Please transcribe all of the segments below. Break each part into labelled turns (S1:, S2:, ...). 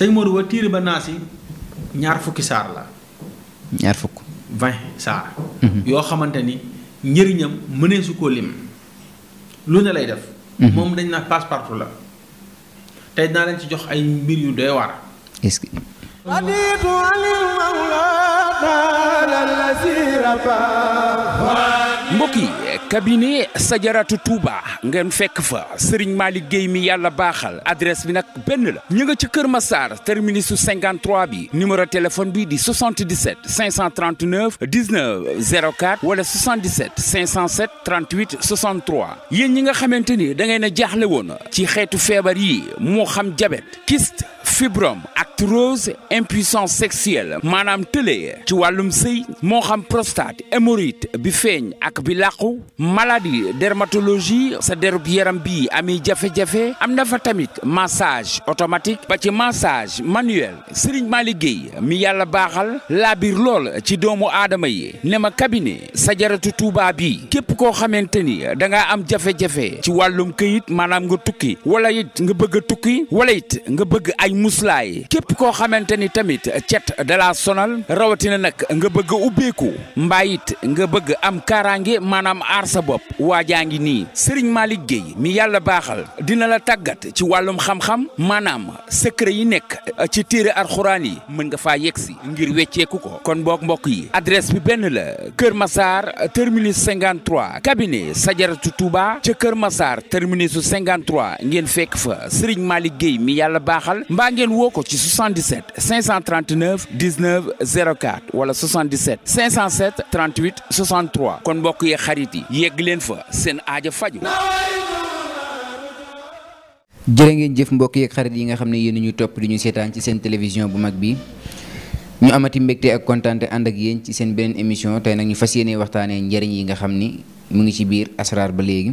S1: sëñ Modou wa tiir ba naas yi ñaar fukki saar la. ñaar fukk. vingt saar. Mhm. yoo xamante ni njëriñam mënee su koo lim. lu ne lay def. Mhm. moom dañ na passe partout la. tey dinaa leen ci jox ay mbir yu doy waar. est-ce que.
S2: mbokk yi. cabinet Sajaratu Touba ngeen fekk fa Serigne Malick Guèye mi yàlla baaxal adresse bi nag benn la ñu nga ci Kër Massar terminus su 53 bi numéro téléphone bi di 77 539 19 04 wala 77 507 38 63 yéen ñi nga xamante ni da ngeen a jaaxle woon ci xeetu feebar yi moo xam diabète kyste fibrome arthrose impuissance sexuelle maanaam tëlee ci wàllum sëy moo xam prostate hémorroïde bi feeñ ak bi làqu maladie dermatologie sa bi yaram bi ami jafe-jafe am na fa tamit massage automatique ba ci massage manuel Serigne ma liggéey mi yàlla baaxal laa biir lool ci doomu aadama yi ne ma sa jaratu Touba bi képp koo xamante ni da ngaa am jafe-jafe ci wàllum kayit maanaam nga tukki wala it nga bëgg a tukki wala it nga bëgg ay muslaay képp koo xamante ni tamit cet da laa sonal rawatina nag nga bëgg a ubbeeku nga bëgg am kaaraange maanaam aar sa bopp waa jaa ngi nii Serigne Malick Guèye mi yàlla baaxal dina la tàggat ci wàllum xam-xam maanaam secret yi nekk eh, ci téere alxuraan yi mën nga fa yegg si ngir wecceeku ko kon mbok mbokk yi adresse bi benn la Kër Massar terminus 53 cabinet Sadiaratou Touba ca Kër Massar terminus 53 ngeen fekk fa Serigne Malick Guèye mi yàlla baaxal mbaa ngeen woo ko ci 77 539 19 04 wala 77 kon mbokk yi xarit yi yegg leen fa seen aaja faju
S3: jërë ngeen jëf mbokk yeeg xarit yi nga xam ne yéen ñu topp di ñu seetaan ci seen télévision bu mag bi ñu amati mbégte ak kontaante ànd ak yéen ci seen beneen émission tey nag ñu fas yéene waxtaanee njëriñ yi nga xam ni mu ngi ci biir asraar ba léegi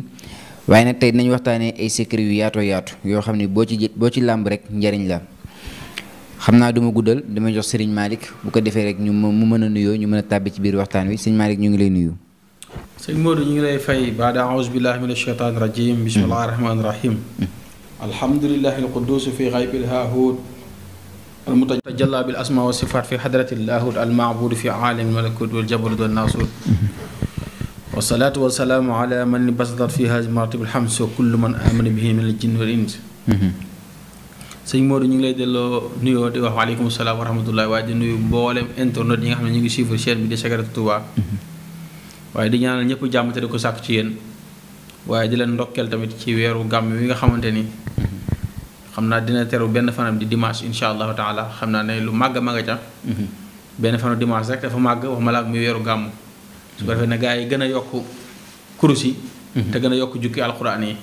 S3: waaye nag tey dinañ waxtaanee ay secret yu yaatoo yaatu yoo xam ne boo ci boo ci làmb rek njariñ la xam naa duma guddal dama jox Serigne Malick bu ko defee rek ñu mu mën a nuyoo ñu mën a tàbbi ci biir waxtaan wi Serigne Malick ñu ngi lay nuyu.
S1: sëñ Modou ñu ngi lay fay a aouzu billahi min asheytaani rajim bismillahi mm-hmm. rahmaani rahim mm-hmm. alhamdulilahi alqudusu fi xaybil haahut almutajalla bil asma wa sifaat fi xadrati lahut almaabudu fi aalami malakut wal jabarut wal mm-hmm. wa kullu man amana bihi min al jinn wal ins sëñ Modou ñu ngi lay delloo nuyoo di wax waaleykum salaam wa rahmatullahi waaye di nuyu mboolem internet yi nga xam ne ñu ngi suivre bi di Secret waaye di ñaanal ñëpp jàmm te di ko sàkk ci yéen waaye di leen ndokkeel tamit ci weeru gàmm wi nga xamante ni xam naa dina teru benn fanam di dimanche incha allah taala xam naa ne lu màgg màgg ca benn fanu dimanche rek dafa màgg wax ma la ak muy weeru gàmm su ko defee ne gars yi gën a yokk kurus yi te gën a yokk jukki alxuraan yi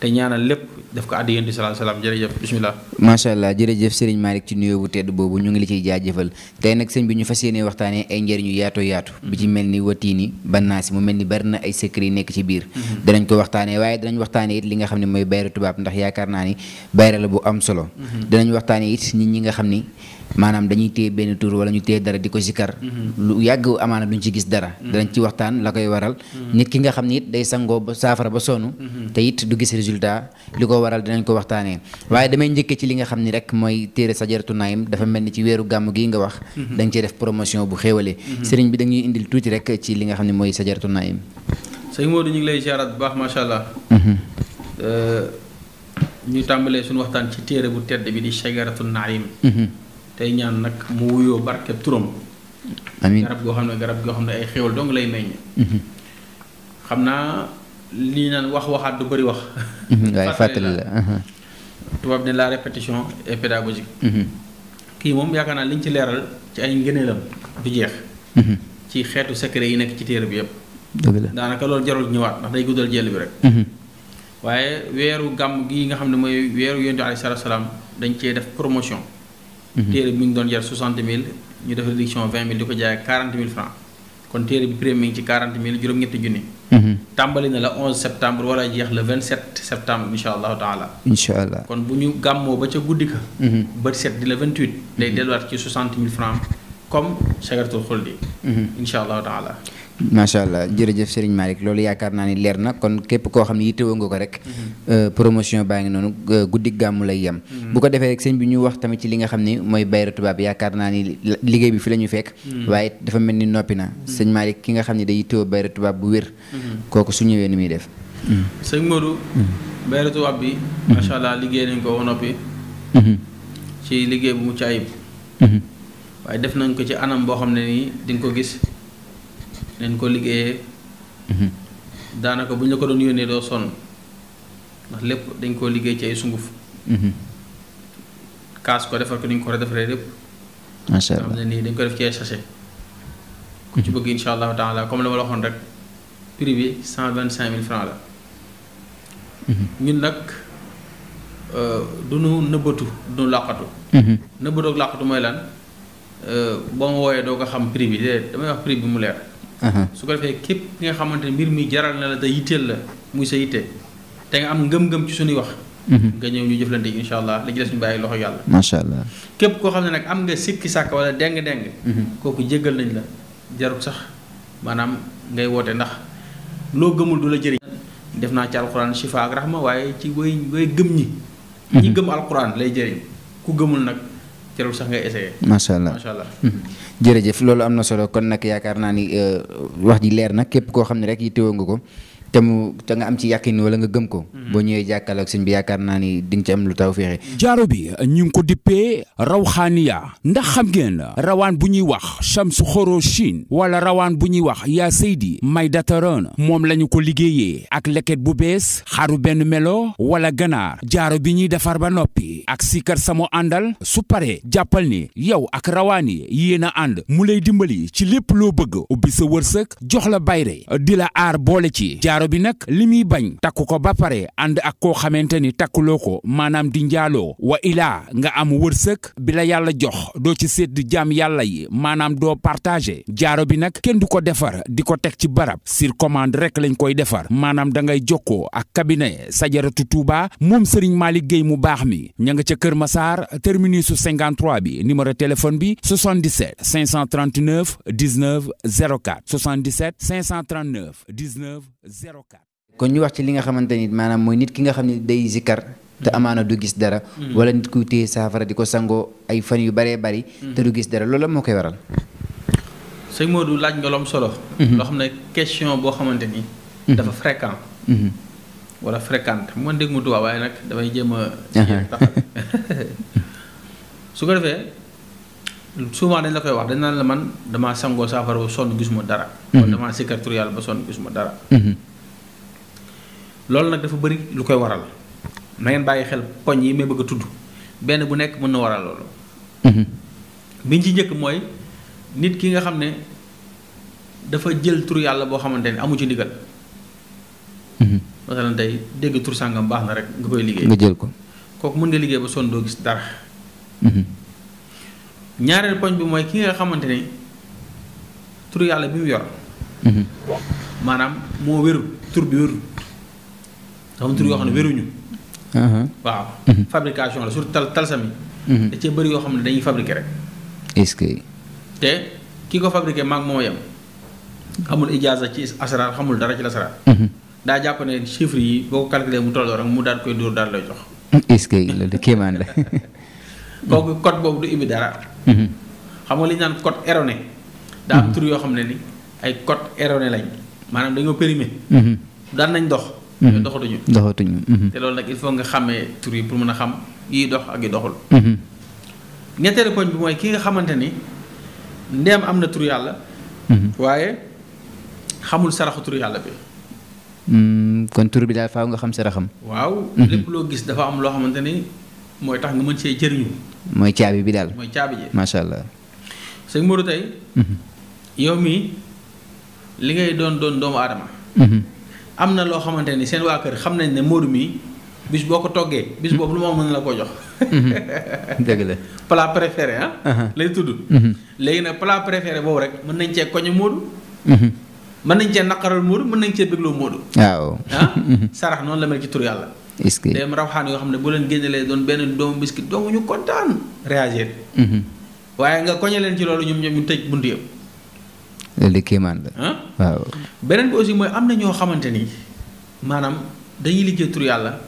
S1: te ñaanal lépp def ko addi yéen di salaam salaam jërëjëf bisimilah.
S3: macha allah jërëjëf Serigne Malick ci nuyoo bu tedd boobu ñu ngi la ciy jaajëfal tey nag sëñ bi ñu fas yéenee waxtaanee ay njëriñu yaatoo yaatu. Mm-hmm. bi ci mel ni watiini bannaasi mu mel ni bari na ay secret yi nekk ci biir. Mm-hmm. danañ ko waxtaanee waaye danañ waxtaanee it li nga xam ne mooy bayra tubaab ndax yaakaar naa ni bayra la bu am solo. Mm-hmm. danañ waxtaanee it nit ñi nga xam ni maanaam dañuy téye benn tur wala ñu téye dara di ko sikar mhm. lu yàgg amaana duñ ci gis dara mhm. danañ ci waxtaan la koy waral mhm. nit ki nga xam ne it day sangoo ba saafara ba sonn te it du gis résultat li ko waral danañ ko waxtaanee waaye damay njëkkee ci li nga xam ni rek mooy téere sajaratu naayim dafa mel ni ci weeru gàmm gi nga wax dañ ciy def promotion bu xéewale sëriñ bi dañuy indil tuuti rek ci li nga xam ne mooy sa naayim
S1: sëñ Modou ñu ngi lay ziaraat bu baax macha allah euh, ñu tàmbalee suñu waxtaan tey ñaan nag mu wuyoo barkeb turam. amiin garab goo xam ne garab goo xam ne ay xéwal dong lay meññ. Mhm. xam naa li naan wax waxaat du bëri wax. Mhm, waaye fàttali la mhm. tubaab ne la répétition est pédagogique. kii moom yaakaar naa liñ ci leeral ci ay ngëneelam du jeex. ci xeetu secret yi nekk ci téere bi yëpp. dëgg daanaka loolu jarul ñëwaat ndax day guddal jël bi rek. waaye weeru gàmm gi nga xam ne mooy weeru yonent bi alayhi salaam dañ cee def promotion. Mhm. téere bi mi ngi doon jar soixante mille ñu def réduction vingt mille di ko jaay quarante mille francs kon téere bi prix mi ngi ci quarante mille juróom-ñetti junni. Mhm. tàmbali na la onze septembre war a jeex le vingt sept septembre incha allahu taala. kon bu ñu gàmmoo ba ca guddi ka. Mhm. ba set di la vingt huit. day delluwaat ci soixante mille francs comme Sagartul Xuldi. incha allahu taala.
S3: macha allah jërëjëf Serigne Malick loolu yaakaar naa ni leer na kon képp koo xam ne yittewoo nga ko rek. Mm-hmm. Euh, promotion baa ngi noonu euh, guddi gàmmu lay yem. Mm-hmm. bu ko defee rek sëñ bi ñu wax tamit ci li nga xam ni mooy bayra tubaab yaakaar naa liggéey bi fi la ñu fekk. Mm-hmm. waaye dafa mel ni noppi na. sëñ ki nga xam ne day yittewoo bayra tubaab bu wér. kooku su ñëwee ni muy def.
S1: sëñ Modou. bayra tubaab bi. macha allah liggéey nañ ko noppi. ci liggéey bu mucc ayib. waaye def nañ ko ci anam boo xam ne nii di ko gis. dañ ko liggéeyee mhm. daanaka bu ñu la ko doon yónnee doo sonn ndax lépp dañ koo liggéey ci ay sunguf mhm. kaas ko defar ko ni ñu ko war a defaree lépp macha allah nii dañ ko def ci ay sachet ku ci bëgg insha allahu taala comme la ma la waxoon rek prix bi cent vingt cinq mille francs la mhm. ñun nag euh, du nu nëbbatu du nu làqatu nëbbatu làqatu mooy lan euh, boo ma wooyee doo ko xam prix bi damay wax prix bi mu leer Uh-huh. su ko defee képp ki nga xamante ne mbir mi jaral na la te yitteel la muy sa yitte te nga am ngëm-ngëm ci suñuy wax uh-huh. nga ñëw ñu jëflante incha allah li ci des ñu bàyyi loxo yàlla macha allah képp koo xam ne nag am nga sikki sàkk wala deng-deng uh-huh. kooku jéggal nañ la jarut sax maanaam ngay woote ndax loo gëmul du la jëriñ def naa ci alquran shifa ak rahma waaye ci way way gëm ñi ñi gëm alquran lay jëriñ ku gëmul nag jarul sax macha allah allah.
S3: Mhm. jërëjëf loolu am na solo kon nag yaakaar naa ni euh, wax ji leer na képp koo xam ne rek yittewoo nga ko. te mu te nga am ci yàqin wala nga
S2: gëm ko. Mhm. boo ñëwee jàkkaarloog sëñ bi yaakaar naa ni di nga ci am lu taw féexe. jaaro bi ñu ngi ko dippee rawxaaniya ndax xam ngeen rawaan bu ñuy wax Shamsu Xoroshin wala rawaan bu ñuy wax yaa Seydi may dataroon moom lañu ko liggéeyee ak leket bu bees xaru benn melo wala ganaar jaaro bi ñuy defar ba noppi ak sikar samo àndal su paree jàppal ni yow ak rawaan yi yéen a ànd mu lay dimbali ci lépp loo bëgg ubbi sa wërsëg jox la bayre di la aar boole bi nag li muy bañ takku ko ba pare ànd ak koo xamante ni takkuloo ko maanaam di njaaloo wa ilaa nga am wërsëg bi la yàlla jox doo ci sédd jam yàlla yi maanaam doo partagé jaaro bi nag kenn du ko defar di ko teg ci barab sur commande rek lañ koy defar maanaam da ngay jokkoo ak cabinet Sajaratu Touba moom Serigne Malick Gueye mu baax mi ña nga ca Kër Massar terminus 53 bi numéro téléphone bi 77 539 19 04 77 539 19 kon ñu wax ci li nga xamante
S3: ni maanaam mooy nit ki nga xam ne day zikar te amaana du gis dara. Mm. wala nit kuy téye saafara di ko sangoo ay fan yu baree bari. Mm. te du gis dara loola moo koy waral.
S1: sëñ Modou laaj nga solo. Mm-hmm. loo xam ne question boo xamante ni. Mm-hmm. dafa fréquent. Mm-hmm. wala fréquente mu mu tubaab waaye nag damay jéem a. su ko defee souvent dañ la koy wax dañ la man damaa sangoo saafara ba sonn gisuma dara. wala damaa sikkar tur ba sonn gisuma dara. loolu nag dafa bëri lu koy waral na ngeen bàyyi xel poñ yi may bëgg a tudd benn bu nekk mën na waral loolu. Mhm. biñ ci njëkk mooy nit ki nga xam ne dafa jël tur yàlla boo xamante ne amu ci ndigal. Mhm. masalan tey dégg tur sàngam baax na rek nga koy liggéey. nga jël ko kooku mën nga liggéey ba son doo gis dara. Mhm. ñaareel poñ bi mooy ki nga xamante ne tur yàlla bi mu yor. maanaam moo wéru tur bi wéru. am tur yoo xam ne mm-hmm. wéruñu. Uh-huh. waaw. Mm-hmm. fabrication la surtout tal talsami. Mm-hmm. da cee bëri yoo xam ne dañuy fabriquer rek. est te ki ko fabriquer maag moo yem xamul ijaaza ci asrar xamul dara ci lasrar. daa jàpp ne chiffres yi boo ko calculé mu tolloo rek mu daal koy dóor daal lay jox.
S4: est-ce que loolu kéemaan la.
S1: kooku code boobu du ibi dara.
S5: xam
S1: nga liñ ñu naan code erroné. daa am tur yoo xam ne ni ay code erroné lañ maanaam dañoo périmé. daan nañ dox. ñoo mhm. doxatuñu doxatuñu mhm. te loolu nag il faut nga xàmmee tur yi pour mën a xam yi dox ak yi doxul mhm. ñetteelu poñ bi mooy ki nga xamante ni ndeem am na tur yàlla waaye xamul saraxu tur yàlla bi
S3: mm, kon tur bi daal faaw nga xam saraxam
S1: waaw lépp loo gis dafa am loo xamante ni mooy tax nga mën see jëriñu
S3: mooy caabi bi daal mooy caabi ji macha allah
S1: sëñ Modou tey yow mii li ngay doon doon doomu aadama am na loo xamante ni seen waa kër xam nañ ne Modou mi bis boo ko toggee. bis hmm. boobu lu ma mën la koo jox.
S4: Hmm. dëgg la
S1: plat préféré ah. Uh-huh. lay tudd. Hmm. léegi nag plat préféré boobu rek mën nañ cee koñe Modou.
S3: mën
S1: nañ cee naqaral Modou mën nañ cee bégloo Modou.
S3: waaw ah.
S1: sarax noonu la mel ci tur yàlla. est-ce que xaan yoo xam ne bu leen génnelee doon benn doomu biscuit doomu ñu kontaan réagir. waaye nga koñe leen ci loolu ñoom ñoom ñu tëj bunt yëpp.
S3: loolu de kéemaan la. waaw.
S1: beneen bi aussi mooy am na ñoo xamante ni maanaam dañuy liggéey tur yàlla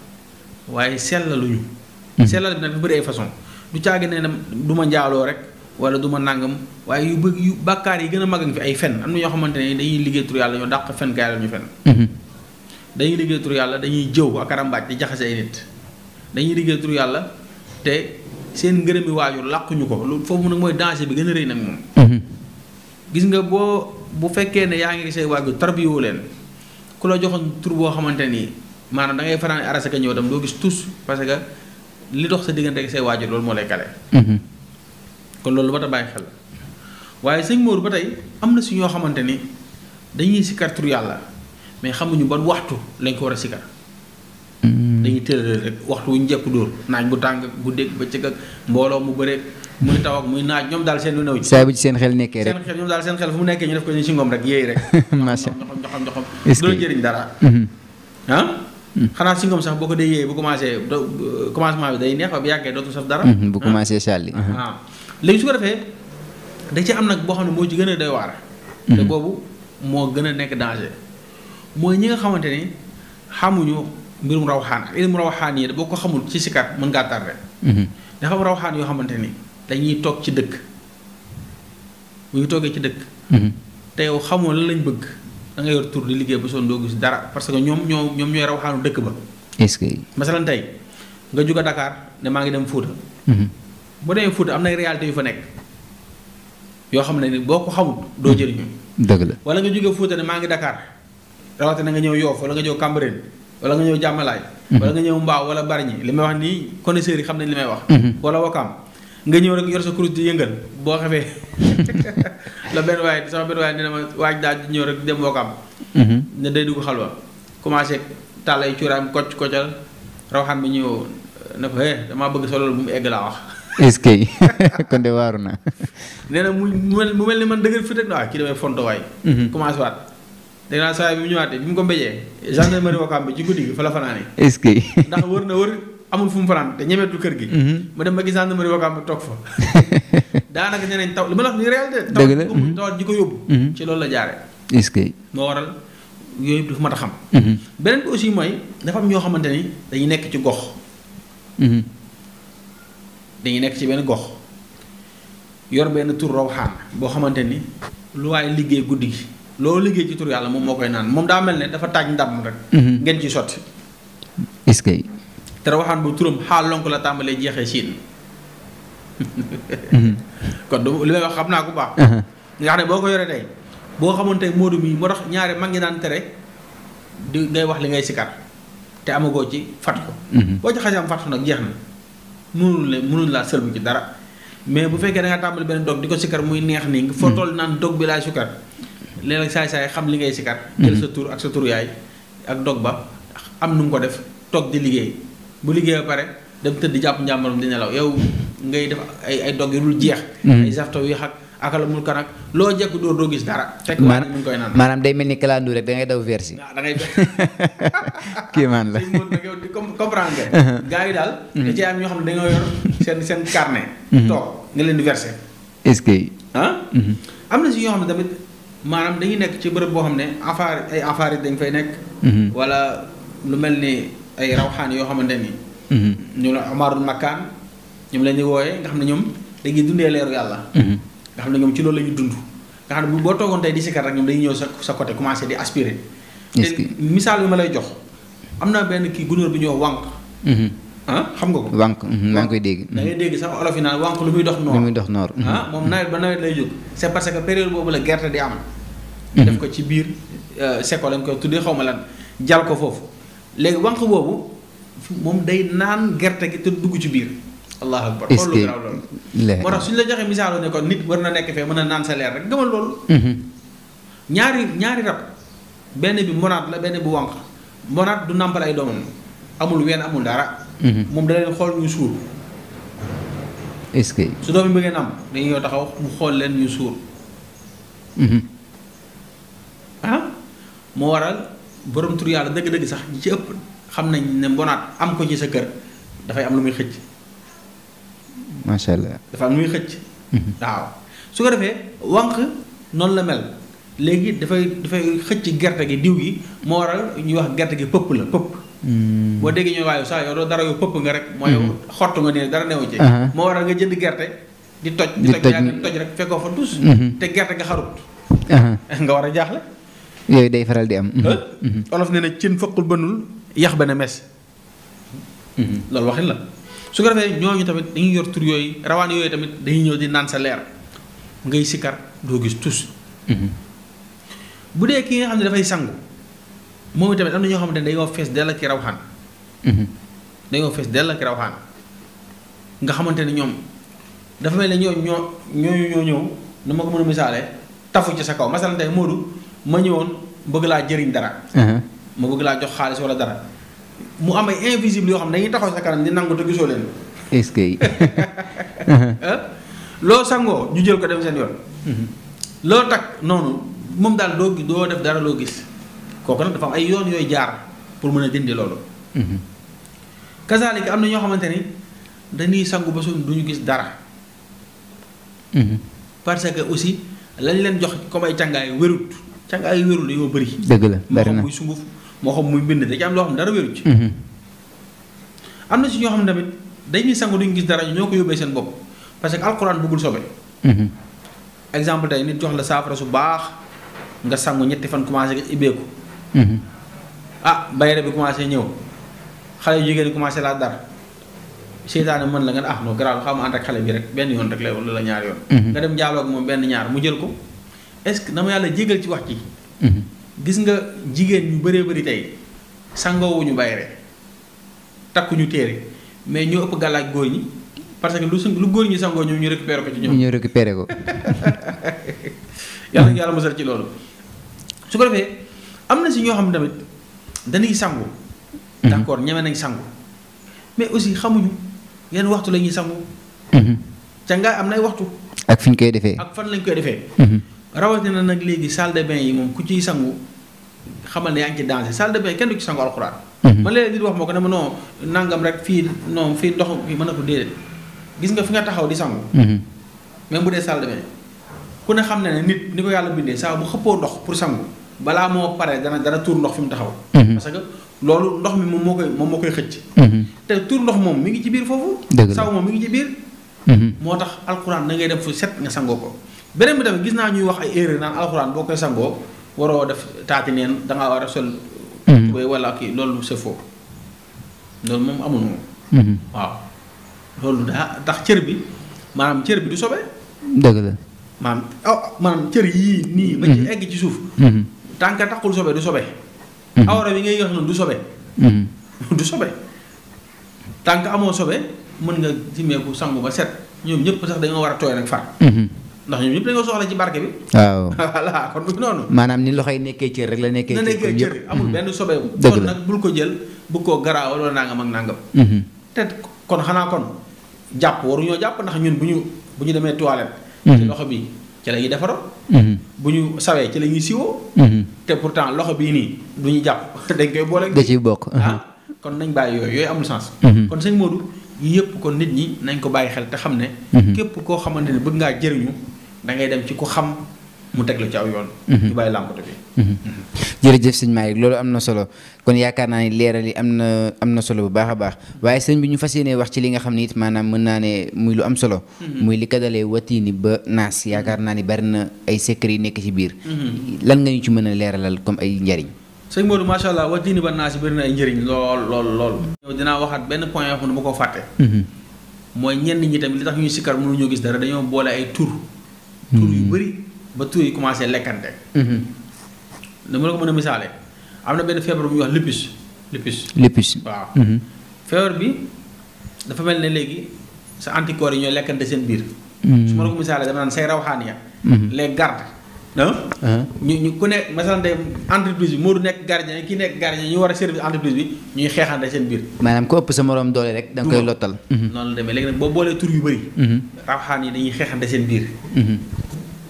S1: waaye sellaluñu. Hmm. sellal bi nag dafa bëri ay façon du caagi ne du ma njaaloo rek wala du ma nàngam waaye yu bëgg yu bàkkaar yi gën a mag a ngi fi ay fen am na ñoo xamante ne dañuy liggéey tur yàlla ñoo dàq fen kaay ñu fen. Hmm. dañuy liggéey tur yàlla dañuy jëw ak arambaaj di jaxase ay nit dañuy liggéey tur yàlla te seen ngërëmi waajur ñu ko loolu foofu nag mooy danger bi gën a rëy nag gis nga boo bu fekkee ne yaa ngi say waajur tarbiyu leen ku la joxoon tur boo xamante ni maanaam da ngay fanaan arasa ka ñëw tam doo gis tus parce que li dox sa diggante ak say waajur loolu moo lay kale. Mhm. kon loolu ba ta bàyyi xel waaye sëñ Mor ba tey am na si ñoo xamante ni dañuy sikar tur yàlla mais xamuñu ban waxtu lañ ko war a sikar. Mhm. dañuy tërale rek waxtu wu ñu dóor naaj bu tàng guddeeg bëccëg ak mbooloo mu bëreeg muy taw ak muy naaj ñoom daal seen lu néew ci saa bu ci
S3: seen xel nekkee rek seen
S1: xel ñoom daal seen xel fu mu nekkee ñu def ko ñu ci ngoom rek ba bu yàggee dootul mm-hmm. ah. ah. defee da ci am nag boo xam ne moo ci gën a doy waar mm-hmm. te boobu moo gën a nekk danger mooy ñi xamante ni xamuñu mbirum rawxaan ak ilmu rawxaan yi boo ko xamul ci sikar mën ngaa tardé. Mhm. dafa am rawxaan yoo xamante ni dañuy toog ci dëkk bu ñu toogee ci dëkk. Mhm. te yow xamoo lan lañ bëgg da nga yor tur di liggéey ba soon doo gis dara parce que ñoom ñoo ñoom ñooy rawxaanu dëkk ba. est-ce que. masalan tey nga jóg a Dakar ne maa ngi dem Fouta. Mhm. bu demee Fouta am na réalité yu fa nekk yoo xam ne ni boo ko xamul doo jëriñu. dëgg la wala nga jógee Fouta ne maa ngi Dakar rawatina nga ñëw Yoff nga ñëw Cambérène. wala nga ñëw jàmmalaay mhm. wala nga ñëw mbaaw wala barñi li may wax nii connaisseurs yi xam nañ li may wax mhm. wala wakaam nga ñëw rek yor sa kurus di yëngal boo xefee la benn waaye sama benn waaye nee na ma waaj daal di ñëw rek dem wakaam mhm. ne day dugg xalwa commencé tàllay cuuraam kocc koccal rawxaan bi eh, bëgg solo bu mu egg laa wax
S4: est-ce que
S3: kon de waaru na
S1: nee na mu mu mel ni man dëgër fi rek na kii damay fonto waay commencé waat dégg naa saa yi bi mu ñëwaatee bi mu ko mbéjee gendarmerie Wakaam bi ci guddi gi fa la fanaane est-ce ndax wër na wër amul fu mu fanaan te ñemeetul kër gi ma mhm. dem ba gis gendarmerie Wakaam bi toog fa daanaka ñeneen taw li ma la wax ni réalité taw mhm. taw ji ko yóbbu mhm. ci loolu la jaare est-ce waral yooyu yëpp dafa mat a xam beneen bi aussi mooy dafa am ñoo xamante ni dañuy nekk ci gox
S5: dañuy
S1: nekk ci benn gox yor benn tur raw xaan boo xamante ni lu waaye liggéey guddi gi loolu liggéey ci tur yàlla moom moo koy naan moom daa mel ne dafa taaj ndam rek. Mhm. ngeen ci sotti. est-ce que. te rawaxaan bu turam xaal lonk la tàmbalee jeexee siin. Mhm. kon du li may wax xam naa ku baax. Mhm. nga ne boo ko yore tey boo xamoon tey moodu mi moo tax ñaare mag ngi daan tere di ngay wax li ngay sikar te amagoo ci fat ko. boo ci xasee am fat ko nag jeex na mënuñu la mënuñu laa sëlmu ci dara mais bu fekkee da nga tàmbali benn dog di ko sikar muy neex nii. foo toll naan dog bi laay léeg-léeg saay-saay xam li ngay sikar mhm. jël sa tur ak sa tur yaay ak dog ba am nu mu ko def toog di liggéey bu liggéey ba pare dem tëdd jàpp njàmbaram di nelaw yow ngay def ay ay dog yu dul jeex mhm. ay safta yu xak akala mul kanak loo jekk door doo gis dara fekk waa ni mu ngi koy naan maanaam
S3: day mel ni kalandu rek da ngay daw versi da ngay
S1: kii maan la comprendre nga uh-huh. gars yi daal mhm. da ci am ñoo xam ne dañoo yor seen seen carnet toog nga leen di verser est am na si ñoo xam maanaam dañuy nekk ci bërëb boo xam ne afaar ay afaar yi dañ fay nekk. Mhm. wala lu mel ni ay raw rawxaan yoo xamante ni. Mhm. ñu la Omarul Makkaan ñoom la ñuy wooyee nga xam ne ñoom dañuy dundee leeru yàlla. Mhm. nga xam ne ñoom ci loolu la ñuy dund. nga xam ne bu boo toogoon tey di si sikar rek ñoom dañuy ñëw sa sa côté commencé di aspirer. te misaal bi ma lay jox am na benn kii gunóor bi ñoo wànq. ah xam
S3: nga ko. wànq mhm, maa koy dégg. da ngay
S1: dégg sax olof yi naan wànq lu muy dox noor. lu dox noor. ah mhm. moom nawet ba nawet lay jóg. c' est parce que période boobu la gerte di am. Mhm. def ko ci biir euh, seko lañ koy tuddee xaw ma lan jal ko foofu léegi wànq boobu moom day naan gerte gi te dugg ci biir. allahu akbar loolu lu garaaw loolu. moo tax la joxee misaalu ne kon nit war na nekk fee mën a naan sa leer rek gëmal loolu. ñaari ñaari rab benn bi monaat la benn bi wànq monaat du nàmpal ay doomam amul ween amul dara. Mm-hmm. moom da leen xool ñu suur. su doom yi bëggee am dañuy ñëw taxaw mu xool leen ñu suur. Mm-hmm. ah moo waral borom tur yàlla dëgg-dëgg sax ñi ci ëpp xam nañ ne mbonaat am ko ci sa kër dafay am lu muy xëcc. macha allah dafa am lu muy xëcc. Mm-hmm. waaw su ko defee wànq noonu la mel léegi dafay dafay xëcc gerte gi diw gi moo waral ñuy wax gerte gi pëpp la pëpp. Mm. boo déggee ñu ne waaye saa yow doo dara yow pëpp nga rek. mooy mm-hmm. xottu nga nii dara newu ci. Uh-huh. moo waral nga jënd gerte di toj. di toj di toj rek fekkoo fa dus. Mm-hmm. te gerte nga xarut.
S5: Uh-huh.
S1: nga war a jaaxle.
S3: yooyu day faral di am. Mm-hmm.
S1: olof ne na cin faqul bënul yax ba ne mes. loolu waxin la su ko defee ñooñu tamit dañuy yor tur yooyu rawaan yooyu tamit dañuy ñëw di naan sa leer ngay sikkar doo gis tus. bu dee ki nga xam ne dafay sangu. moom tamit am na ñoo xamante ne dañoo fees dell ak raw xaan mhm. dañoo fees dell ak raw nga xamante ne ñoom dafa mel ne ñoo ñoo ñooñu ñoo ñëw nu ma ko mën a misaale tafu ci sa kaw masalan tey Modou ma ñëwoon bëgg laa jëriñ dara mhm. ma bëgg laa jox xaalis wala dara mu am ay invisible yoo xam ne dañuy taxaw sa kanam di nangu te gisoo leen
S4: est-ce mhm.
S1: loo sangoo ñu jël ko dem seen yoon loo takk noonu moom daal doo doo def dara loo gis kooku nag dafa am ay yoon yooy jaar pour mën a dindi loolu. Mhm. kazaalika am na ñoo xamante ni dañuy sangu ba suñ duñu gis dara. Mhm. parce que aussi lañ leen jox comme ay càngaay wérut càngaay wérul dañoo bëri. dëgg la bari na moo xam muy sunguf moo xam muy mbind da ci loo xam ne dara wéru ci. Mhm. am na si ñoo xam ne tamit dañuy sangu duñu gis dara ñoo ko yóbbee seen bopp parce que alxuraan bëggul sobe. exemple tey nit jox la saafara su baax nga sangu ñetti fan commencé nga ibbeeku. Mhm. ah bayre bi commencé ñëw xale yu jigéen commencé laa dar seytaane mën la nga ne ah non garaaw xam ànd ak xale bi rek benn yoon rek la wala ñaar yoon. Mhm. nga dem jaaloo ak moom benn ñaar mu jël ko est-ce que dama yàlla jégal ci wax ji mhm. gis nga jigéen ñu bëree bari tey sangoowuñu bayre takkuñu téere mais ñoo ëpp gàllaaj góor ñi parce que lu su lu góor ñi sangoo ñoom ñu récupéré ko ci ñoom. ñu récupéré ko. yàlla yàlla mosal ci loolu su ko defee. am na si ñoo xam tamit dañuy sangu. Mhm. d' accord ñeme nañ sangu mais aussi xamuñu yan waxtu la ñuy sangu. Mhm. cangaay am na waxtu. ak fi ñu koy defee. ak fan lañ koy defee. Mhm. na nag léegi salle de bain yi moom ku ci sangu xamal ne yaa ngi ci danger salle de bain kenn du ci sangu alxuraan. man léeg nit wax moo ko ne ma non nangam rek fii non fii ndox mi mën na ko déedéet gis nga fi nga taxaw di sangu.
S5: même
S1: bu dee salle de bain ku ne xam ne nit ni ko pour sangu. balaa moo pare dana dana tuur ndox fi mu taxaw. Mhm. parce que loolu ndox mi moom moo koy moom moo koy xëcc. Mhm. te tuur ndox moom mi ngi ci biir foofu. saw moom mi ngi ci biir. Mhm. moo tax alxuraan da ngay dem fu set nga sangoo ko. bi tamit gis naa ñuy wax ay erreur naan alxuraan boo koy sangoo waroo def taati neen da war a sol. tubéy wala kii loolu c'est faux loolu moom amul moom. tax cër bi maanaam cër bi du sobee. dëgg la maanaam ah cër yi nii. ba ci egg ci suuf. tànka taxul sobe du sobe. Mhm. awra bi ngay wax noonu du sobe. Mhm. du sobe tànk amoo sobe mën nga jimeeku sangu ba set ñoom ñëpp sax dañoo war a tooy nag far. Mhm. ndax ñoom ñëpp dañoo soxla ci barke bi. waaw voilà kon du noonu.
S3: maanaam ni loxoy
S1: nekkee cër rek la nekkee. na nekkee cër amul benn sobe. kon nag bul ko jël bu ko garaawal wala nangam ak nangam. te kon xanaa kon jàpp waruñoo jàpp ndax ñun bu ñu bu ñu demee toilette. ci loxo bi. ci la ñuy defaroo. Mm-hmm. bu ñu sawee ci la ñuy siwoo. Mm-hmm. te pourtant loxo bii nii du ñu jàpp dañ koy boole. nga ciy bokk ah mm-hmm. kon nañ bàyyi yooyu yooyu amul sens. kon sëñ Modou yëpp kon nit ñi nañ ko bàyyi xel te xam ne. képp koo xamante ni bëgg ngaa jëriñu dangay dem ci ku xam mu teg la ci aw yoon. ñu bàyyi làmbatu bi.
S3: jërëjëf sëñ Malick loolu am na solo kon yaakaar naa ne leeral yi am na am na solo bu baax a baax waaye sëñ bi ñu fas yéene wax ci li nga xam ne maanaam mën naa ne muy lu am solo. Mm-hmm. muy li ko watiini ba naas yaakaar naa ne bari na ay secret yi nekk ci biir.
S1: Mm-hmm.
S3: lan nga ñu ci mën a leeralal comme ay njariñ.
S1: sëñ Modou macha allah watiini ba naas bari na ay njëriñ lool lool lool. ñëw dinaa waxaat benn point yoo xam ne bu ko fàtte. Mm-hmm. mooy ñenn ñi tamit li tax ñuy sikkar mënuñoo gis dara dañoo boole ay tur. tur yu dama la ko mën a misaalee am na benn feebar bu ñuy wax lupus. lupus lupus waaw. Mm-hmm. feebar bi dafa mel ne léegi sa anticorps yi ñooy lekkante seen biir. Mm-hmm. su ma la ko misaalee dama naan say rawxaan ya mm-hmm. les gardes. Ah? Uh-huh. ñu ñu ku nekk masalan tey entreprise bi moo du ki nekk gardien ñu war a service entreprise bi ñuy xeexante seen biir. maanaam
S3: ku ëpp sa morom doole rek. da nga koy lottal. noonu
S1: la demee léegi nag boo boolee tur yu bëri. rawxaan yi dañuy xeexante seen biir.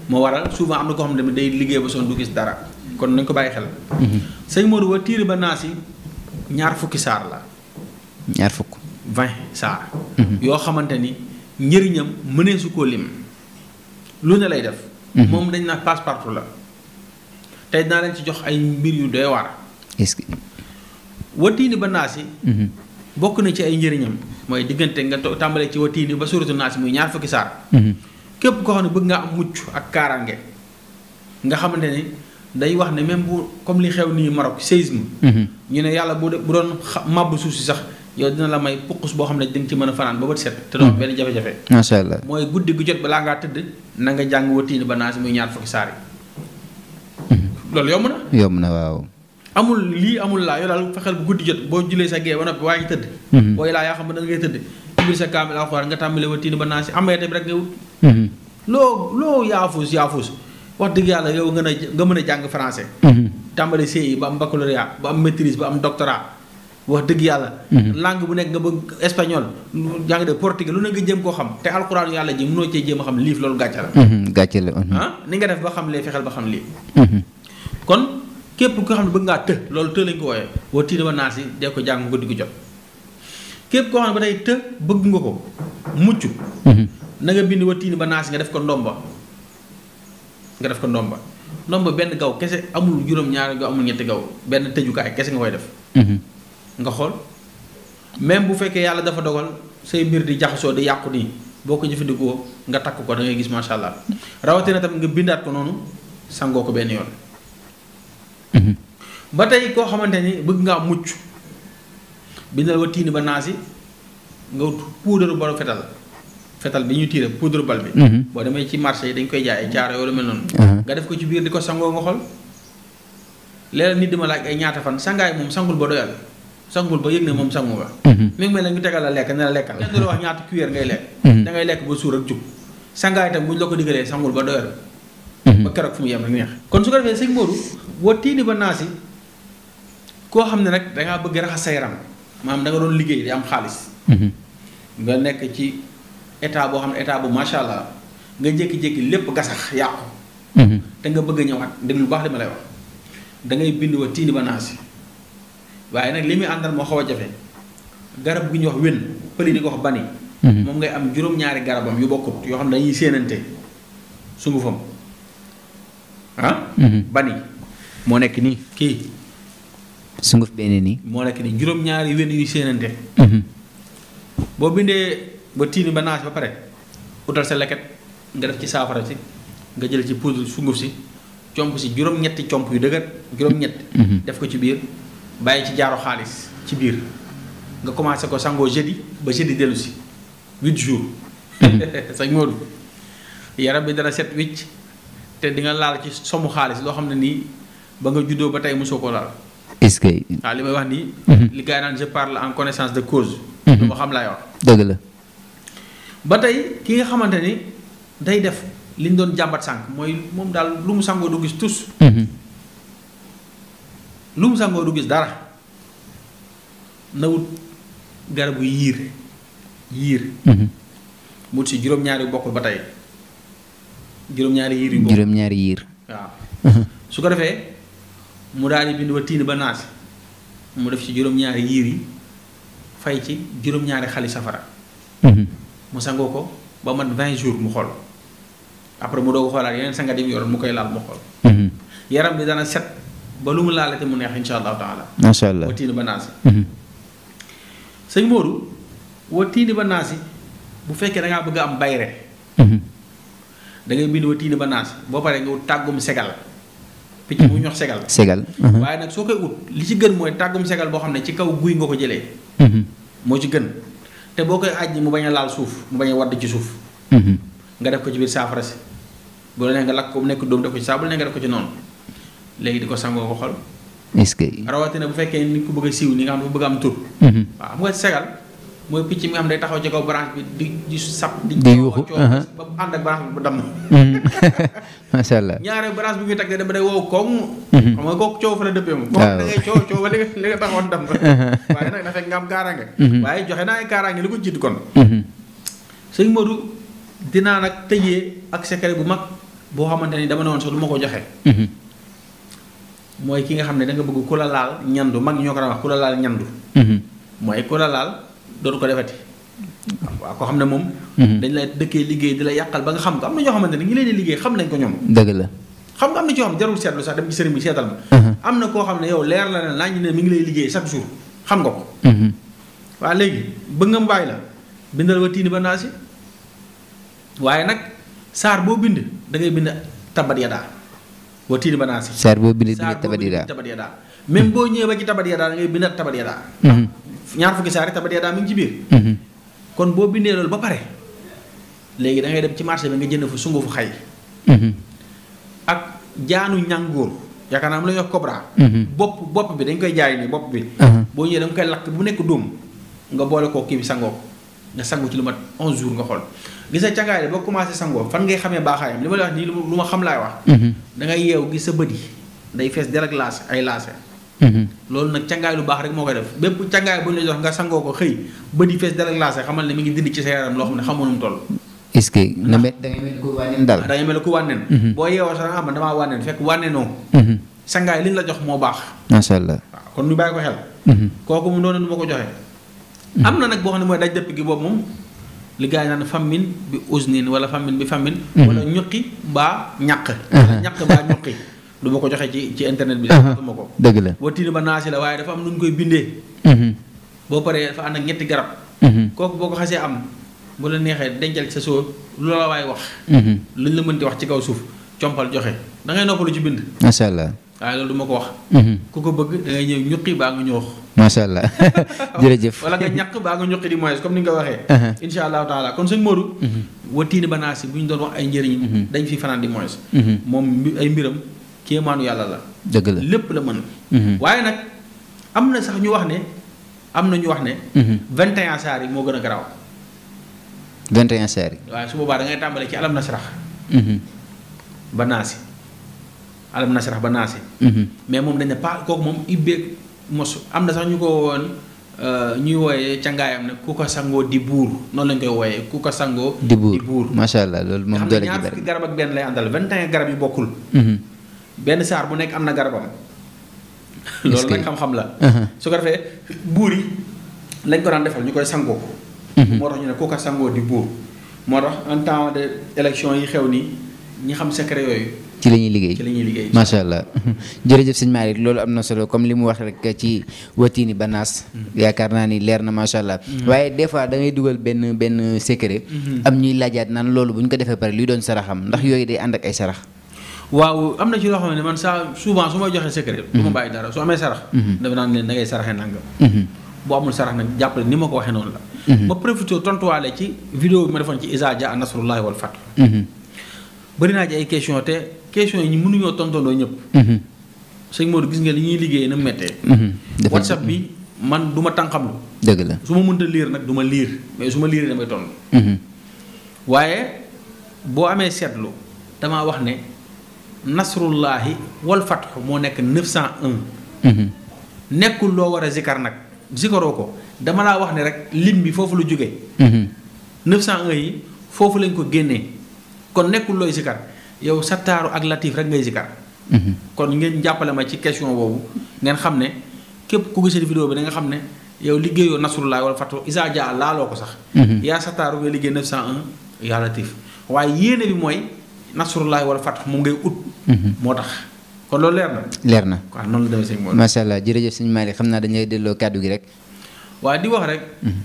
S1: moo waral souvent am na koo xam ne liggéey ba son du gis dara. kon nañ ko bàyyi xel. Mhm. sëñ Modou wa tiir ba naas ñaar fukki saar la. ñaar fukk. vingt saar. Mhm. yoo xamante ni njëriñam mënee su koo lim lu ne lay def. Mhm. moom dañ naa passe la tey dinaa leen ci jox ay mbir yu doy waar. est-ce que. watiini ba naas bokk na ci ay njëriñam mooy diggante nga tàmbalee ci watiini ba suuratu naas muy ñaar fukki saar. képp ko xam ne bëgg nga am mucc ak kaaraange nga xamante ni. day wax ne même bu comme li xew nii Maroc séisme. Mhm. ñu ne yàlla bu bu doon xa màbb suuf si sax yow dina la may puqus boo xam ne da nga ci mën a fanaan ba bët set. te doon mhm. benn jafe-jafe. macha allah mooy guddi gu jot balaa ngaa tëdd na nga jàng watiini ba naa si muy ñaar fukki saar yi. Mhm. loolu yomb na.
S3: yomb na waaw.
S1: amul lii amul laa yow daal fexeel bu guddi jot boo julee sa gee ba noppi waa ngi tëdd. booy laa yaa xam ne da ngay tëdd. ubbil sa kaamil alxuraan nga tàmbalee watiini ba naa si am yate bi rek ngay wut. loo loo yaafus yaafus wax dëgg yàlla yow nga nga mën a jàng français. Mhm. tàmbali CI ba am baccalauréat ba am maîtrise ba am doctorat wax dëgg yàlla. Mhm. langue bu nekk nga bëgg espagnol. yaa ngi def portugais lu ne nga jéem koo xam te alxuraanu yàlla ji mënoo cee jéem a xam liif loolu gàcce la.
S3: Mhm, gàcce la ah
S1: ni nga def ba xam lee fexeel ba xam lii. kon képp koo xam ne bëgg ngaa të loolu të lañ ko wooyee wa tiina wa naas de ko jàng ko di ko jot képp koo xam ne ba tey të bëgg nga ko mucc. na nga bind wa tiina ba naas nga def ko ndomba. nga def ko ndomba ndomba benn gaw kese amul juróom-ñaari gaw amul ñetti gaw benn tëjukaay kese nga koy def. Mhm. nga xool même bu fekkee yàlla dafa dogal say mbir di jaxasoo di yàqu nii boo ko jëfandikoo nga takk ko dangay gis macha allah rawatina tamit nga bindaat ko noonu sangoo ko benn yoon. Mhm. ba tey koo xamante ni bëgg ngaa mucc bindal wa tiini ba naasi nga wut puudaru borom fetal fetal bi ñu tiire poudre bal bi mhm. boo demee ci marché yi dañ koy jaay ay caaro yoo lu mel noonu mhm. nga def ko ci biir di ko sangoo nga xool léeg nit dama laaj ay ñaata fan sangaay moom sangul ba doyal sangul ba yëg ne moom sangu nga mhm. mi ngi mel ne ñu tegal la lekk ne la lekkal kenn du la wax ba suur ak jug bu la ko diggalee sangul ba doyal ba keroog fu mu yem rek kon su ko defee sëñ Modou boo tiini ba naa koo xam ne nag dangaa bëgg raxas sa yaram maanaam da nga doon liggéey di am xaalis nga nekk ci état boo xam ne état bu macha allah nga jékki-jékki lépp gasax yàqu. Mhm. te nga bëgg a at dégg lu baax li ma lay wax da ngay bind wa tiini ba si waaye nag li muy àndal moo xaw a jafe garab gi ñuy wax wén pëli di ko wax bani. Mhm. moom ngay am juróom-ñaari garabam yu bokkut yoo xam dañuy séenante sungufam ah. Mhm. moo nekk nii kii.
S3: sunguf benn nii.
S1: moo nekk nii juróom-ñaari wén yuy séenante. boo bindee. ba tiini ba naaj ba pare utal sa leket nga def ci saafara si nga jël ci poudre sunguf si comp si juróom-ñetti comp yu dëgër juróom-ñetti mm-hmm. def ko ci biir bàyyi ci jaaro xaalis ci biir nga commencé ko sangoo jeudi ba jeudi dellu si huit jours mm-hmm. sañ moodu yaram bi dana set wicc te di nga laal ci somu xaalis loo xam ne nii ba nga juddoo ba tey mosoo ko laal
S4: est-ce que li
S1: may wax nii mm-hmm. li gars yi naan je parle en connaissance de cause lu ma xam laay ba tey ki nga xamante ni day def liñ doon jàmbat sànq mooy moom daal lu mu sangoo du gis tus mhm. lu mu sangoo du gis dara na garabu yiir yiir mut mhm. ci juróom-ñaari yu bokkul ba tey juróom-ñaari yiir yu bokkul mhm. su ko defee mu daal di bind mu def ci juróom-ñaari yiir yi fay ci juróom-ñaari xali safara mu sangoo ko ba man vingt jours mu xool après mu doog xoolaat yeneen sangat yi mu yoroon mu koy laal mu xool mhm. yaram bi dana set ba lu mu laalate mu neex insha allahu taala macha allah watiini ba naasi mhm. sëñ Modou ba naasi bu fekkee da ngaa bëgg a am bayre mhm. da ngay bind watiini ba naasi boo paree nga wut tàggum segal picc mu ñox segal segal waaye nag soo koy ut li ci gën mooy tàggum segal boo xam ne ci kaw guy nga ko jëlee moo ci gën te boo koy àjji mu bañ a laal suuf mu bañ a wadd ci suuf. Mhm. nga def ko ci biir saafara si boo la nee nga lakk ko mu nekk dóom def ko ci saa la nee nga def ko ci noonu léegi di ko sangoo ko xol. est-ce que rawatina bu fekkee nit ku bëgg a siw ni nga xam ne bu bëgg am tur. Mhm. waaw xam nga segal. mooy picc mi nga xam ne day taxaw ci kaw branche bi di di di yuuxu uh-huh. ba mu ànd ak branche bi mm. bu damm. macha allah ñaare branche bi muy tag dama day wow koŋ. Mm-hmm. da ngay coow coow ba li nga li nga taxawoon uh-huh. na am kaaraange. Mm-hmm. waaye joxe naa ay kaaraange lu ko jiitu kon. Mm-hmm. sëñ nag tëjee ak secret bu mag boo xamante ni dama ne woon ma ko joxe. mooy ki nga xam ne da bëgg ku la laal ñandu mag ñoo ko daan wax ku la laal ñandu. mooy ku dootu ko defati waaw koo xam ne moom mhm. dañ la dëkkee liggéey di la yàqal ba nga xam ko am na ñoo xam ne ñi leen di liggéey xam nañ ko ñoom dëgg la xam nga am na ci yoo xam jarul seetlu sax dem mhm. am na koo xam ne yow leer la ne laaj ne ngi lay liggéey chaque jour xam nga ko mhm. waa léegi bëgg nga mbaay la bindal wa tiini ba naa si waaye nag saar boo bind dangay bind tabat yadaa wa tiini ba naa si
S3: saar boo bind tabat
S1: yadaa même boo ñëwee ba ci tabat yadaa da ngay bind ñaar fukki saar tabat daa mi ngi ci biir. Mhm. kon boo bindee loolu ba pare léegi da ngay dem ci marché bi nga jënd fa sungufu xay. Mhm. ak jaanu ñàngoor yaakaar naa am la ñuy wax cobra. Mhm. bopp bopp bi dañ koy jaay nii bopp bi. boo ñëwee da nga koy lakk bu nekk dóom nga boole koo kii bi sangoo nga sangu ci lu ma 11 jours nga xool gis nga càngaay la boo commencé sangoo fan ngay xamee baaxaayam li ma la wax nii lu ma xam laay wax. da ngay yeew gis sa bët yi day fees del ak laas ay laase. Mm-hmm. loolu nag cangaay lu baax rek moo koy def bépp cangaay bu ñu la jox nga sangoo ko xëy ba di fees dalal laase xamal ne mi ngi dindi ci sa yaram loo xam ne xamoo nu mu toll
S4: est-ce que na
S1: mel da ngay mel ku wànneen daal da ngay mel ku mm-hmm. boo yeewoo sax nga xam ne damaa wànneen fekk wànneenoo sangaay mm-hmm. li la jox moo baax macha allah waaw kon ñu bàyyi ko xel kooku mu doon du ma ko joxe am na nag boo xam ne mooy daj dëpp gi boobu moom li gars yi naan famine bi usnin wala famine bi famine wala ñuqi mbaa ñaq wala uh-huh. ñaq mbaa ñuqi du ko joxe ci internet bi. sax du ko. dëgg la boo ba naasi la waaye dafa am nu ñu koy bindee. Mhm. boo paree dafa ànd ak ñetti garab. Mhm. kooku boo ko xasee am bu la neexee dencal sa soo lu la waay wax. Mhm. luñ la mënti wax ci kaw suuf compal joxe da ngay noppalu ci bind. macha allah waaye loolu du ma ko wax. ku ko bëgg da ngay ñëw ñuqi baa nga ñoox.
S3: macha allah jërëjëf.
S1: wala nga ñàkk baa nga ñuqi di moyes comme ni nga ko waxee. incha allahu kon sëñ wa tiinu ba naasi bu ñu doon wax ay njëriñ. dañ fi fanaan di moyes. kéemaanu yàlla la. dëgg la lépp la mën. Mhm. waaye nag am na sax ñu wax ne am na ñu wax ne. 21 mhm. saar yi moo gën a garaw
S3: 21
S1: waaye su boobaa da ngay tàmbalee ci alam nasrax. Mhm. ba naasi alam nasrax ba naasi. mais moom dañ ne pas kooku moom ibbeeg mos am na sax ñu ko woon euh, ñuy wooyee cangaayam ne ku ko sangoo di buur noonu lañ koy wooyee ku ko sangoo.
S3: di buur di macha allah loolu moom doole ji xam nga ñaar fukki
S1: garab ak benn lay àndal 21 garab yu bokkul. benn saar bu nekk am na garabam. loolu nag xam-xam la. Uh-huh. su ko defee buur yi lañ ko daan defal ñu koy sangoo. Uh-huh. moo tax ñu ne ku sangoo di buur. moo tax en temps de élection yi xew nii ñi xam secret yooyu. ci la ñuy liggéey ci la ñuy liggéey. macha allah
S3: jërëjëf sëñ Malick loolu am na solo comme li mu wax rek ci watini banaas. Mm-hmm. yaakaar naa ni leer na macha allah. Mm-hmm. waaye des fois da ngay dugal benn benn secret. Mm-hmm. am ñuy laajaat naan loolu bu ñu ko defee pare luy doon saraxam ndax yooyu day ànd ay sarax.
S1: waaw am na ci loo xam ne man saa souvent su may joxee secret. du ma mhm. bàyyi dara su amee sarax. Mhm. dafa naan leen da ngay saraxee nangam. Mhm. bu amul sarax nag jàppale ni ma ko waxee noonu la. ma profité tontuwaale ci vidéo bi ma defoon ci Izaa jaa nasrullahi wal fath. bëri naa ci ay question te question yi mënuñoo tontandoo ñëpp. sëñ Modou gis nga li ñuy liggéey na méttee. whatsapp bi man du ma tànqamlu. dëgg la su ma mënta liir nag du ma liir mais su ma liiree damay
S5: tontu.
S1: waaye boo amee seetlu damaa wax ne. nasrullahi wal fatxu moo nekk 901. Mhm. nekkul loo war a zikar nag zikaroo ko dama laa wax ne rek lim bi foofu lu jóge
S5: 901
S1: mhm. yi foofu lañ ko génnee kon nekkul looy zikar yow sattaaru ak latif rek ngay zikar. Mhm. kon ngeen jàppale ma ci question woowu ngeen xam ne képp ku gisee vidéo bi da nga xam ne yow liggéeyoo nasrullahi wal fatxu isaa jaa laaloo ko sax. yaa sattaaru nga liggéey 901 yaa latif waaye yéene bi mooy. nasrullahi wal fath mu ngay ut. Mhm. moo tax kon loolu leer na. leer
S3: na waaw noonu la demee sëñ Mawla. macha allah jërëjëf sëñ Malick xam naa dañuy delloo kàddu gi rek.
S1: waaye di wax rek. Mhm.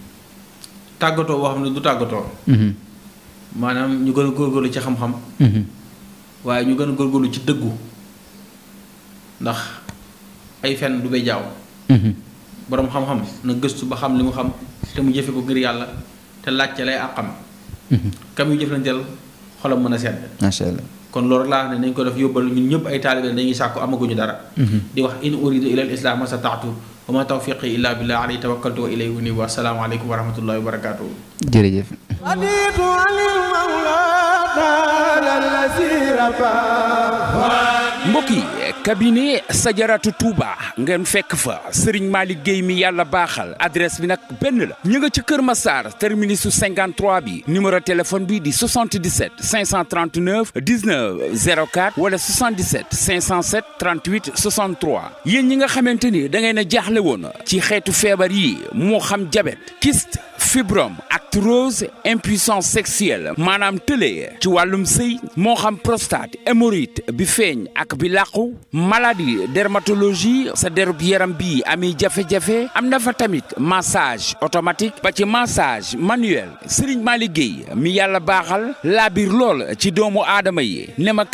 S1: tàggatoo xam ne du tàggatoo. Mhm. maanaam ñu gën a góorgóorlu ci xam-xam. waaye ñu gën a góorgóorlu ci dëggu ndax ay fenn du bay boroom xam-xam na gëstu ba xam li mu xam te mu jëfe ko ngir yàlla te laajte lay àqam. kam yu jëflanteel xolam mën a sedd. macha allah kon laa xam ne nañ ko def yóbbal ñun ñëpp ay taalibe dañuy sàkku amaguñu dara. Mhm. di wax in uridu ila al islam masataatu wa ma tawfiqi illa billah alayhi tawakkaltu wa ilayhi unib wa salaamu aleykum wa rahmatullahi wa barakatuh.
S4: jërëjëf.
S2: cabinet Sajaratu Touba ngeen fekk fa Serigne Malick Guèye mi yàlla baaxal adresse bi nag benn la ñu nga ci Kër Massar terminus 53 bi numéro téléphone bi di 77 539 19 04 wala 77 507 38 yéen ñi nga xamante ni da ngeen a jaaxle woon ci xeetu feebar yi moo xam diabète kyste fibrome arthrose impuissance sexuelle maanaam tëlee ci wàllum sëy moo xam prostate hémorroïde bi feeñ ak bi làqu maladie dermatologie sa derub yaram bi ami jafe-jafe am na tamit massage automatique ba ci massage manuel Serigne Malick liggéey mi yàlla baaxal laa biir lool ci doomu aadama yi ne ma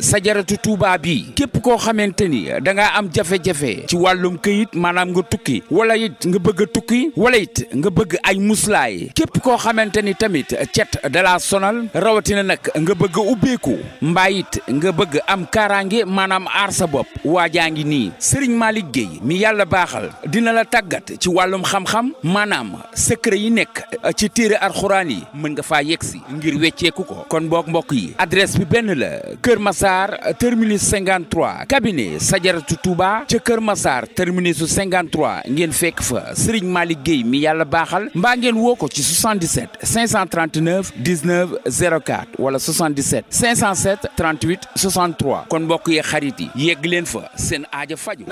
S2: sa jaratu Touba bi képp koo xamante ni da ngaa am jafe-jafe ci wàllum këyit maanaam nga tukki wala it nga bëgg tukki wala it nga bëgg ay muslaay képp koo xamante ni tamit cet dala sonal rawatina nag nga bëgg a ubbeeku nga bëgg am kaaraange maanaam aar sa bopp waa jaa ngi nii Serigne Malick Guèye mi yàlla baaxal dina la tàggat ci wàllum xam-xam maanaam secret yi nekk euh, ci téere alxuraan yi mën nga faa yegg si ngir wecceeku ko kon mbok mbokk yi adres bi benn la Kër Massar terminus 53 cabinet Sadiaratou Touba ca Kër Massar terminus 53 ngeen fekk fa Serigne Malick Guèye mi yàlla baaxal mbaa ngeen woo ko ci 77 539 19 04 wala 77 507 kon mbokk yi xarit yegg leen fa seen aaja faju